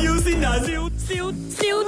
笑先啊！笑笑笑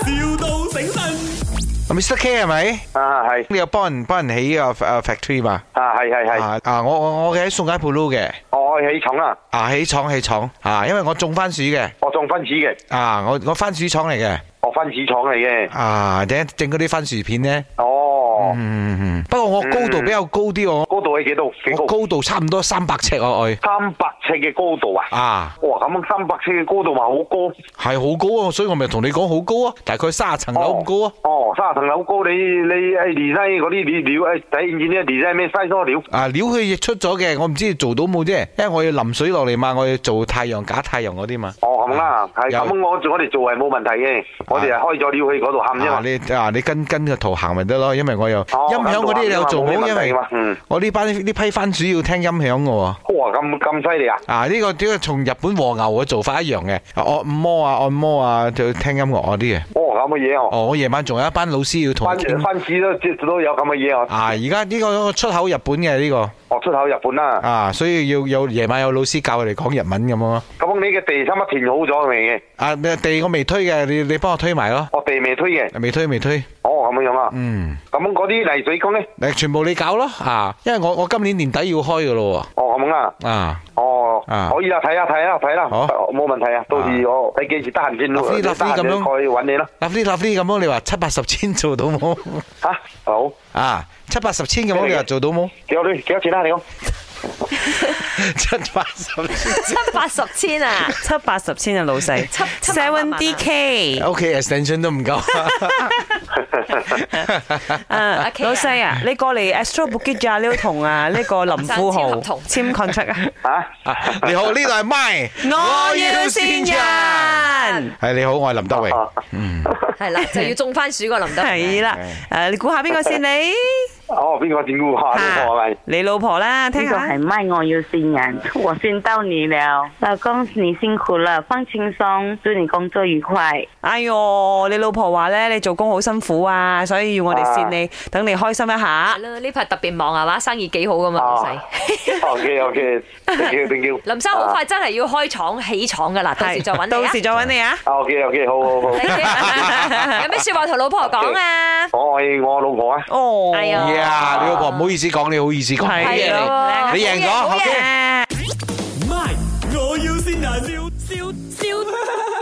笑到醒神。我 Mr K 係咪？啊係。你有幫人幫人起個誒 factory 嘛？啊係係係。啊我我我喺宋街鋪擼嘅。哦我起廠啊？啊起廠起廠啊，因為我種番薯嘅。我種番薯嘅。啊我我番薯廠嚟嘅。我番薯廠嚟嘅。啊點整嗰啲番薯片咧。哦。嗯嗯嗯。不過我高度比較高啲我。高度係幾多，哦？高度差唔多三百尺啊！愛三百尺嘅高度啊！啊！咁樣三百尺嘅高度話好高，係好高啊！所以我咪同你講好高啊！大概卅層樓咁高啊！哦，卅層樓高，你你誒，地啲料料誒，睇見啲地山咩西沙料啊！料佢亦出咗嘅，我唔知做到冇啫，因為我要淋水落嚟嘛，我要做太陽假太陽嗰啲嘛。哦，咁啦，咁、啊啊，我我哋做係冇問題嘅，我哋係開咗料去嗰度喊啫嘛你啊，你跟跟個圖行咪得咯，因為我有音響嗰啲你有做，因為嗯我。呢班呢批番薯要聽音響嘅喎，哇咁咁犀利啊！啊呢個點解同日本和牛嘅做法一樣嘅，按摩啊按摩啊就聽音樂嗰啲嘢。哦咁嘅嘢哦，哦我夜晚仲有一班老師要同番番子都都有咁嘅嘢哦。啊而家呢個出口日本嘅呢個，哦出口日本啦。啊所以要有夜晚有老師教佢哋講日文咁咯。咁你嘅地差乜填好咗未？啊地我未推嘅，你你幫我推埋咯。我地未推嘅，未推未推。咁樣啊，嗯，咁嗰啲泥水工咧，誒，全部你搞咯吓、啊，因為我我今年年底要開噶咯喎。哦，咁啊，啊，哦，可以啊，睇下睇下睇啦，嗬，冇問題啊，到時我你幾時得閒先咯。咁樣，可以搵你咯。立啲、啊，立飛咁樣，你話七八十千做到冇？吓，好、哦、啊，七八十千咁樣，你話做到冇？幾多錢？幾多錢啊？你講？七八十七八十千啊？七八十千啊，老細，seven D K，OK extension 都唔夠。 啊，okay，老細啊，你過嚟 Astro Bukit Jalil 同啊呢個林富豪簽 contract 啊？啊，你， 千合 啊你好，呢度係麥，我要先人。係、哎、你好，我係林德榮。係、 嗯、 啦，就要種番薯個林德榮。係啦，誒， 你估下邊個先你？哦，邊個整烏鴉呢個你老婆啦，聽下。呢個係我要善人，我善到你了。老公，你辛苦啦，放輕鬆，祝你工作愉快。哎喲，你老婆話咧，哎、你，你做工好辛苦啊，所以要我哋善你，等、啊、你開心一下。呢排特別忙係嘛，生意幾好噶嘛。O K O K，林生好快真係要開廠起廠噶啦，到時再搵你啊！到時再搵你啊！O K O K，好好好。 有咩說話同老婆講啊？我愛我老婆啊。哦、oh. 哎。係啊。啊！你嗰個唔好意思講，你好意思講，你贏咗，OK？唔係，我要先拿少少少。